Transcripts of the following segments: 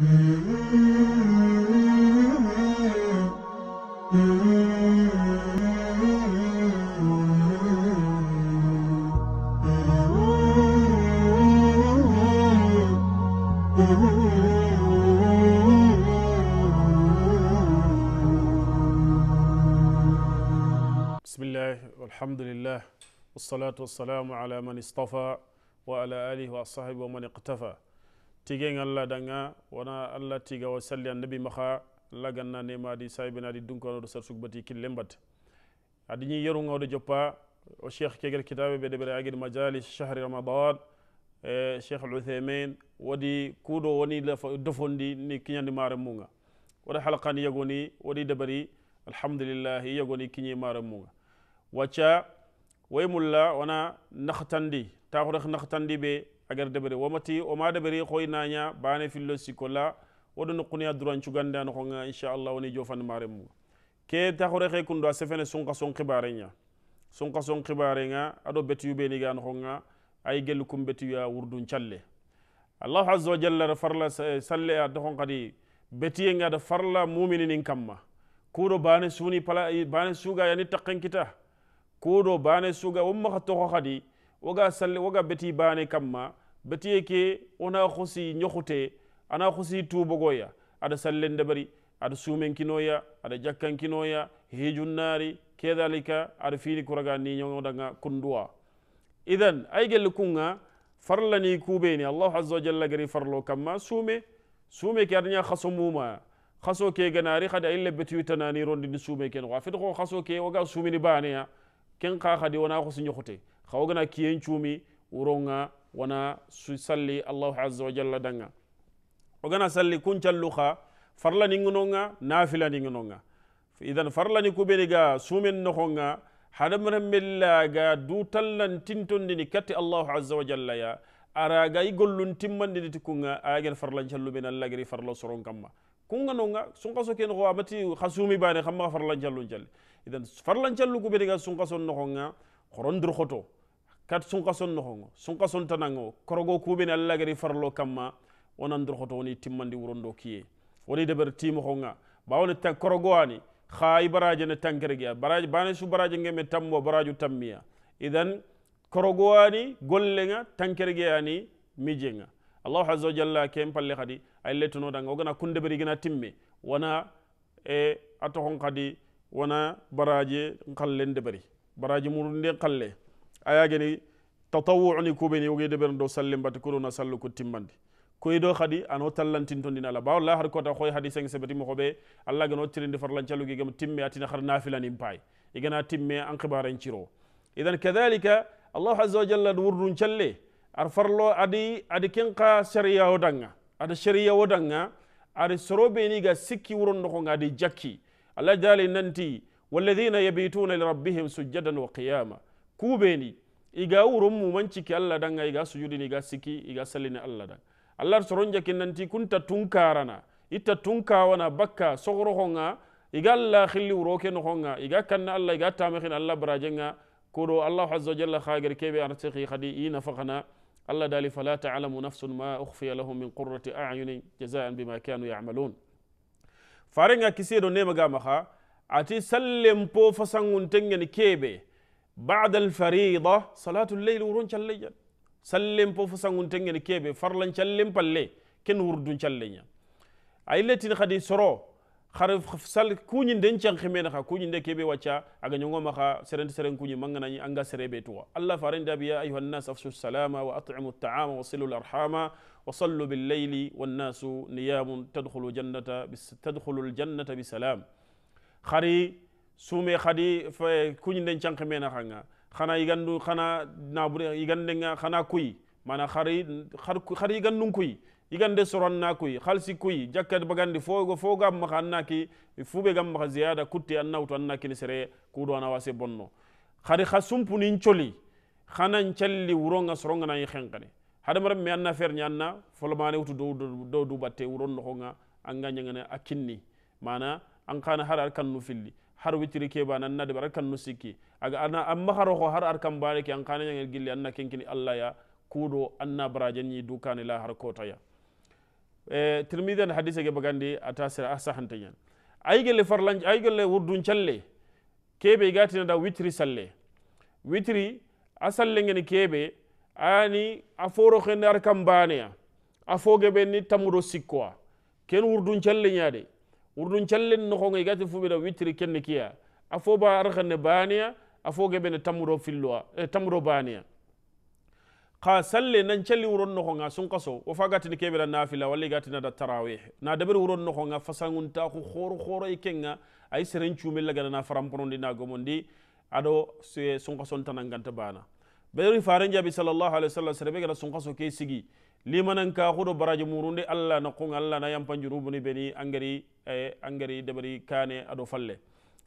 بسم الله والحمد لله والصلاة والسلام على من اصطفى وعلى آله وصحبه ومن اقتفى tigen allah danga wona allah tiga o salli annabi maha allah ganna nemadi sahibina adi dunkanoɗo sar sugbati killen batta adi ñi yerugoɗo joppa o cheikh keguel kitabe ɓe ɗeɓere agid majalis chahri ramadan e cheikh al uthaymin waɗi kuuɗo woni dofondi ni kiñandi mare muga waɗa halkani yagoni waɗi dabari alhamdulillahi yagoni kiñi mare muga wacca way mulla wona nahtandi tahoɗe nahtandi ɓe agar debere wamati o ma debere koy naña bane fillo sikola wodo no kunya duran cugande an ko nga inshallah woni jofan maremu ke ta khore khe kundo sefene sunka son khibare nya sunka son khibare nga ado betu yube ni gan ko nga ay gel kum betu ya wurdun challe allah azza wa jalla farla salle a do kadi beti nga da farla mu'minin kamma kudo bane suni pala bane suga yani takkan kita kudo bane suga umma khato khadi waga salli waga beti bane kamma beti ke ona hosi ñohute ana hosi tubogoya ada sallen dabari ada jakkan kinoya jakkankinoya nari kedalika ada fili kuraga danga kunduwa idan ay gelle kunga farlani kubeni Allah azza wa jalla gari farlo kamma sume, sume ke adaña khasumuma khaso ke ganari hade ay beti tanani rondi ni sume a feti ko khaso ke woga suumini baaneya ken ka khadi wona hosi ñohute xawogana kiyen cuumi wuronga wana su salli allahu azza wa jalla danga ogana salli kuncallu xa farla ninginonga nafila ninginonga idan farlani ga sumen noxonga hadamaren bellaga dutallantintondini katti allahu azza wa jalla ya araga i gollun timmandini ti kunga ayagen farlancallumeni allagiri farla soron kamma kunga nonga sunkaso ken xo amati xa suumi bane xamma xa farlancallun calli idan farlancallu kubeniga sunkaso noxonga xorondur xoto kat sunka son noxongo sunka son tanango korogo kuɓene alla gari farlo kamma wonan dorxoto woni timmandi wurondo kiye woni deɓer timoxonga ba woni ta korogo ani xa i baraje ne tankeregia baraje bane su baraje ngeme tammo baraju tammiya idan korogo ani gollenga tankerege ani mijenga Allah aza wa jalla ken palle xadi ay lettunodanga wogana kundeɓeri gena timme wana e a toxon xadi wona baraje nxallen deɓeri baraje murunde nxalle ayagani geni tatawu'ni kubeni wogi deɓer do bat kuruna sallu ko timmandi ko ido khadi ano tallantintondina ala ba wallahi har ta khoy hadi se beti mo xoɓe allah gano lan farlancalugi gam timme atina khar nafilani paay igana timme an khibaran ciro idan kadhalika allah azza wa jalla wurdun calle ar farlo adi adi kinqa sharia wo ada sharia wo ari ada sorobeni ga sikki wuron ko adi jakki allah dali nanti والذين يبيتون لربهم سجدا وقياما kubeni iga wuronmu ciki allah ga iga sujudini iga siki iga sallini allah dan allah nan ti kunta tunkarana itta tunkawana bakka honga iga allah khilli wuroke honga iga kanna allah iga tamehin allah barajenga kodo allah azza jalla khagir kebe artiki khadi ina nafakana allah dali fala talamu nafsun ma ukhfiya lahum min qurrati ayunin jazaan bima kanu yamalun farenga kisedo nemaga maha ati sallen po tengeni kebe بعد الفريضة صلاة الليل ورون شليا سلم بوفو سانغون تنجن كيبي فرلن شلم باللي كن وردون شليا أي التي نخدي سرو خرف خفصل كونين دين شان خمين خا كونين دي كيبي وچا أغا نيونغو مخا سرنا سرن كوني مانغنا ني أنغا سربي توا الله فارن دابيا أيها الناس أفسو السلام وأطعم الطعام وصلوا الأرحام وصلوا بالليل والناس نيام تدخل الجنة بس تدخل الجنة بسلام خري sume fa fe kuñinden canke mena xanga xana yigandu xana yigande nga xana kuy mana xari xari yigandu kuy yigande na kuy xalsi kuy jakkat bagandi fogo foga ma anna ki fube gam ma ziyada kutti an nawtu an kini sere do na wase bonno xari xa sumpunin coli xanan calli wuronga soronganayi hada maram mi anna fer ñanna folomane wutu do do du batte wuron noxonga anga ñangane a kinni mana an xana har ar kannu filli har witiri ke ba nan nadi barakan nusiki aga ana an maharo ho har arkan bariki ke an kanin yang gilli anna kinkini allah ya kudo anna barajan yi dukani la har kota ya eh tirmidhan hadisi ke bagandi atasira asahantayan ah ay gelle farlan ay gelle wurdun challe kebe gatina da witiri salle witiri asalle ngeni kebe ani aforo khende arkan a. afoge be ni tamudo sikwa. ken wurdun challe nyaade urdun no noxonga igati fuɓeda witiri kenne kiya a fo ba arxane baneya a fo geɓene tamuro filloa eh, tamuro baneya xa salle nan calli wuron noxonga sun qaso wo fa gatini keɓeda nafila walla na da tarawih na deɓer wuron noxonga fasanguntaxu xooro xooro i kenga ay seren cume laganana faranponondi na gomondi aɗo sun qason tananganta bana ɓeri faren bi salallahu alaihi wa sere be gata sun qaso ke sigi limanan ka xuɗo baraji murundi allah na kun allah na yampanjurubuni beni angari eh, angari dabari kane aɗo falle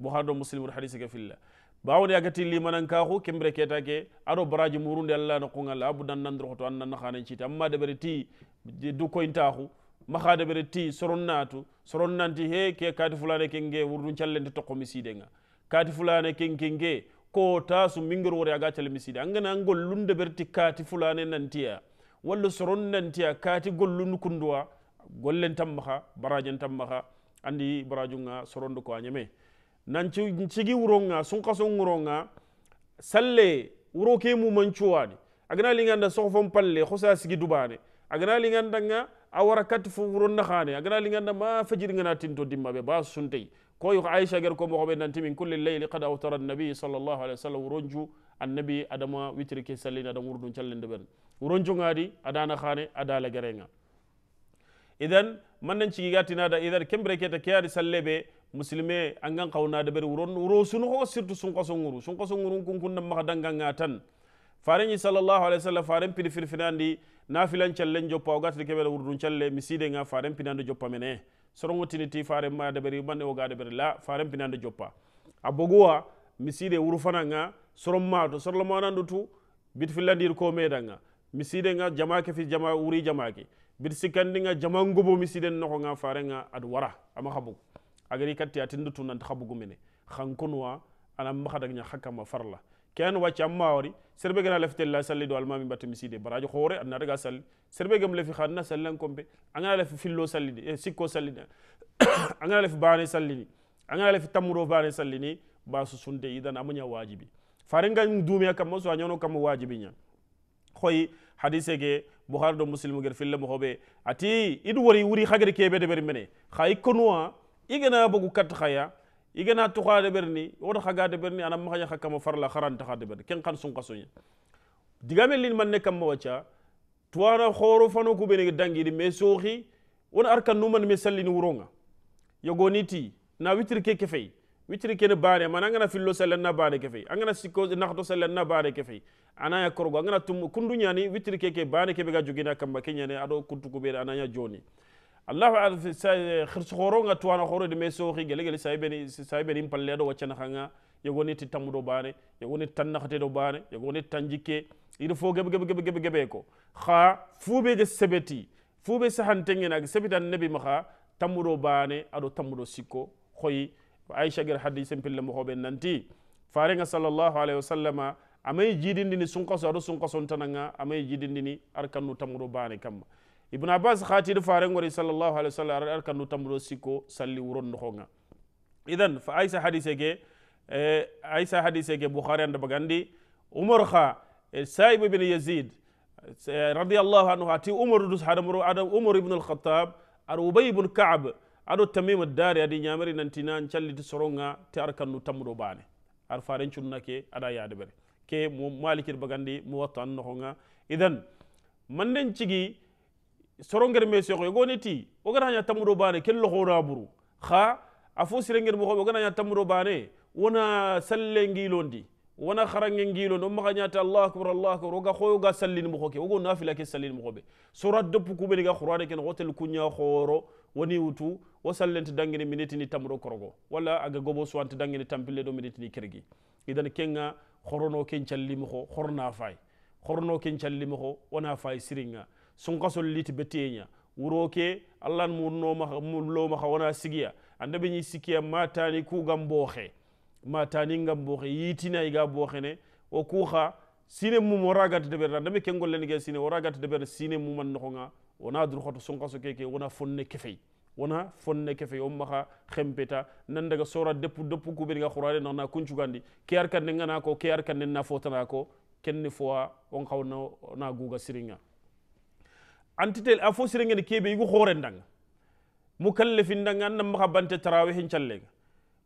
buhar do muslim ur hadise ke filla bawoni agati limanan ka xu kembre keta ke aɗo baraji murundi allah na kun allah abu dan nandro xoto annanna xanen citi amma dabari ti dukkoyinta xu maxa dabari ti soron natu soron nanti he ke kati fulane kenge wurdun callente toqo miside nga kati fulane ken kenge ko ta su mingir wori aga cale miside angana angol lunde berti kati fulane nantiya walla soron nanti a kati gollun kunduwa gollen tambaha barajen tambaha andi barajun nga ko a anyame nan cigi wuronga sunkason wuronga salle wuro ke mu mumancuwani agana linganda sohofon palle hosa sigi dubane agana lingandanga a wara kati fo wuro khane agana linganda ma fajiri ngana tinto dimmaɓe ba ko yu Aisha ger ko moxoɓe nanti min kulli layli qad awtara an nabi sallallahu alaihi wa sallam an nabi adama witiri ke sallin adan wurdun challende ben uronjongadi adana khane adala garenga idan mannan gati da idan kembre keta kiyari sallebe muslime angan ber wuron wuro wuro sunoxoxo surtout sunqosonguru sunqosongurun kunkunna maxa namahadanggang ngatan. farenñi salallahu alayhi wa sallam faren pini firfinandi nafilan callen joppa ogatati keɓele wurdun misi denga faren pinande joppa mene sorongo tiniti faren ma deberi o gade beri la faren pinande joppa a misi miside wurufananga soron mato sorlomanandu tu bit filandir ko medanga jama ke fi jama jama ke bir nga jama ngobo misiden noko nga farenga ad wara ama khabu agri katti atindu ya tunan khabu gumene khankunwa ana makhadag nya hakama farla ken cha mawri serbe gana lefte la salli do almami batte miside baraji khore adna daga sal serbe gam lefi khanna sallan kombe anga lefi fillo salli de eh, sikko salli de angana lefi bane salli ni angana lefi tamuro bane salli ni basu sunde idan amunya wajibi farenga ndumi ya kam so anyono kam wajibi nya koy hadise ge buhari do muslim ger fille moxoɓe ati idu wari wuri xagere kebe ɓede ɓeri mene xa i konuwa i gana bogu kat xaya i gana tuxa de ɓerni woto xaga de ni ana maxaña xa kama farla da de ɓerni ken sun ka soña digame lin man ne kamma wacca tuwara xoro fano ko ɓene dangidi mais sooxi Wani arkan numan me sallini wuronga yogoniti na witir ke ke witiri kene bane mana angana fillo na bane ke fey angana sikko naxto na bane ke anaya korgo angana tum kundu ñani witiri keke bane kebe ga jogina kamma ke ñani aɗo kuntukuɓeede anaya joni allahu xoronga khoro de me khi gele gele sayibeni palle aɗo waccanaxanga yogoniti tammuɗo bane yogoniti tan naxateɗo bane yogoniti tan jikke il faut gebe gebe gebe gebe gebe ko be fuɓege sebeti fuɓe sahantengenage sebeti annabi maxa tamudo bane aɗo tamudo sikko khoyi ko aicha ger haddi sempille mo hoɓen nanti farenga sallllahu alayhi wa sallama amayi jiidindini sunkoso aɗo sunkoson tananga amayi jiidindini arkannu tammuɗo baane kamma ibne abbas khatide farengori sallllahu alayhi wa sallam aɗa arkannu tammuɗo sikko salli wuron nohonga idan fa aissa hadise ke aissa hadise ke bouhari anda bagandi umar kha saib ibne yazid radiallahu anhu ati umar dus haɗamro adam umar ibne alkhatab aɗa ubay ibne kaabe aɗo tamima daari adi ñamari nantina calliti soronga te ar kannu tammuɗo baane ar faren cunnake aɗa yaade ɓere ke mo malikir bagandi mo wattu an nohonga idan manden cigi sorongere me seko yogoni ti oganaña tammuɗo baane kel lohona buru xa a fo sirengel mo xoɓe oganaña tammuɗo baane wona salle ngilondi wona xarange ngilondi o maxa ñata allah akbar allah akbar oga xoyoga sallini moxo ke go nafila ke sallini moxoɓe sora doppu kuɓeniga xurane ken tel kuña xooro woni wutu wo sallente dangini minitini tamro korogo walla aga gobo suwante dangini tampille do minitini kirgi idan kenga horono ken callimo ho horna fay horono ken callimo ho wona fay siringa sun sunkasol liti betenya wuroke betteña wuro ke allahn ma wona sigiya ande ɓe ni sikiya matani kugam booxe matani gam booxe yitina iga booxene wo kuxa sine mum de berna deɓer kengol len ge sine woragat de deɓer sine man no nga wona durhoto sonkaso keke wona fonne kefey wona fonne kefe on maha hempeta nan daga sora deppu deppu kuɓeni ga qurane nana kuncugandi ke ar kande gana ko ke ar kande na fotana ko kenni fowa on hawno na guga siringa antitel a fo sirengeni kebe yigu horen ndanga mukallefin danga an nan maha bante tarawihin callega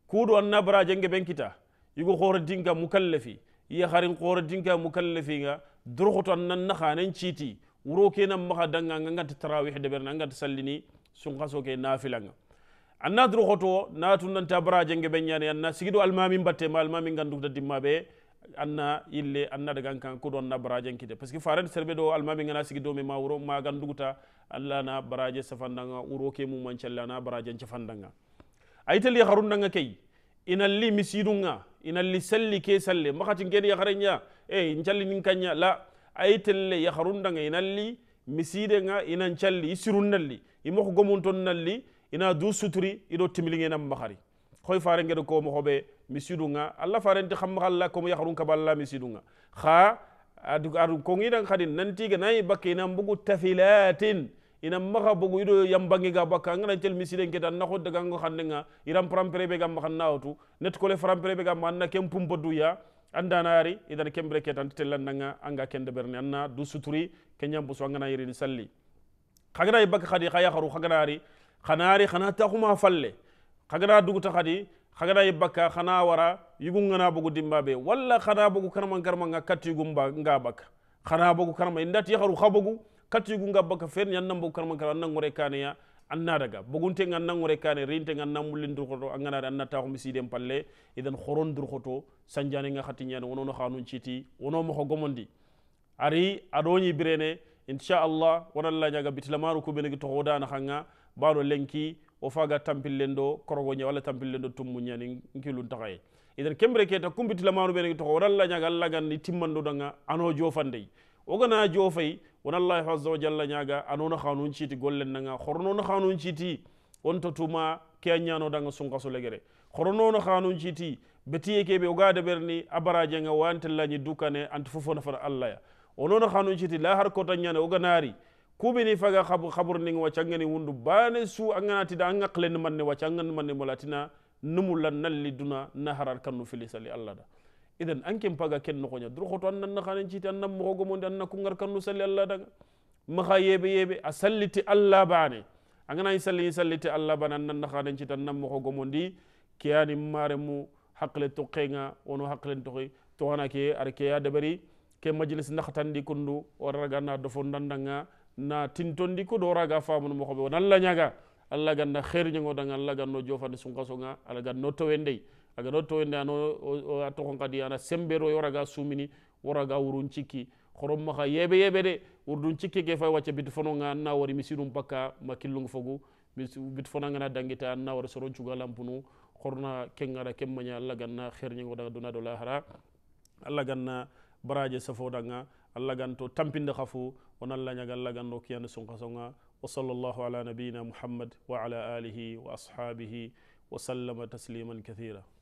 kuɗo anna baraje nge ɓen kita yigu hore dinka ya iya harin dinga dinka mukallafi nga durhoto an nan nahanen ciiti wuro kenan maxa danga ngat tarawih berna ngat sallini sunkaso ke nafilanga anna khoto na natu nanta baraje ngeɓe benyane anna sigido almami batte ma almami ngandugta dimabe anna ille anna daga kan ko don na baraje kite par serbedo que faran serbe do almami ngana sigido me ma wuro ma guta alla na safanda ya nga wuro ke muman calli nga baraje kharun nga kay inal li misidunga inalli salli ke salle maxatin ya yaxarenña e eh, ncallinin kanña la ay telle yaharundanga inalli misidenga inan calli i sirunnalli imoko gomunton nalli ina du suturi ido iɗo timilingenan mahari koy farengede ko mohoɓe misidunga allah farenti xammaxalla komo yaharun kaballa misidunga xa aɗu kongiɗan xadin nantiga nayi bakke inan mbugu tafilatin ina maxa bogu ido yambangiga bakka angana tel misiden keta anna xo dagango xannenga iran paramperebe ga maxan na wotu net kole faramperebe ga maxan na ken pumpoduya andana ari idan kembere ke tan tella nanga anga kende berne anna du suturi kenyam busu angana yirin salli khagana ibak khadi khaya kharu khagana ari khanari khana ta kuma falle khagana dugu ta khadi khagana ibaka khana wara yugungana bugu dimba be khana bugu karman karman nga katti yugumba nga baka khana bugu karma indati kharu khabugu katti yugunga baka fen yannam bugu karman karman ngore kaniya anna daga bogunte ngan nangure kane rinte ngan namulin durkoto angana da anna taxum siden palle idan khoron durkoto sanjane nga khati nyane wono no khanun chiti wono mo gomondi ari adoni birene insha Allah wona la nyaga bitlamaru ko benegi to hodana khanga baro lenki o faga tampillen do korogo nya wala tampillen do tummu nyani nkilun taxay idan kembre keta kumbitilamanu benegi to wona la nyaga Allah gan timmando danga ano jofande ogana jofay wani allah wa jalla a anona hannun citi gollen nanga nuna hannun citi wani ta tuma ke a ñanodanga lagare legere nuna hannun citi betiye keɓe da birni a barajenga wantellañi dukane anti fofona fara allah ya nuna hannun citi la har kota nari ku bi ni faga xaburninga waccangani wundu bane su a da an ŋaqlen manne wacca an gan na numu numulla nalli duna na harar fili filisali allah da idan anken paga ken noxoña droxoto an nanna xanen citi an na moxogomonde an na kungar kannu salli allah daga maxa yeɓe yebe a salliti allah bane an ganañi salliñi salliti allah bane an nanna xanen citi an na moxogomondi keyani mare mu haqle toqenga wono haqlen toxi toxana ke ara keya deɓari ke majlis naxtandi kundu o raga na dofo ndandanga na tintondi kudo o raga famunu moxoɓe wona allah ñaga allah ganna xeeruñangodanga allah ganno jofande sunqasonga allah ganno towen ndey agano toyonde ano a toxon kadi ana sembero e ga sumini woraga wurun horom ma maxa yebe yebe de wurdun cikki ke fa wacca bit fononga na wari misinum paka ma killung fogu bit na dangita na wari soron cuga lampunu korona kengara ken maña na ganna xerñengo ngoda duna do lahara allah ganna baraje safodanga allah ganto tampinde xa fo wona allah ñaga allah ganno kiyande sunkasonga wa sallallahu ala bina muhammad wa ala alihi wa ashabihi وسلم تسليما كثيرا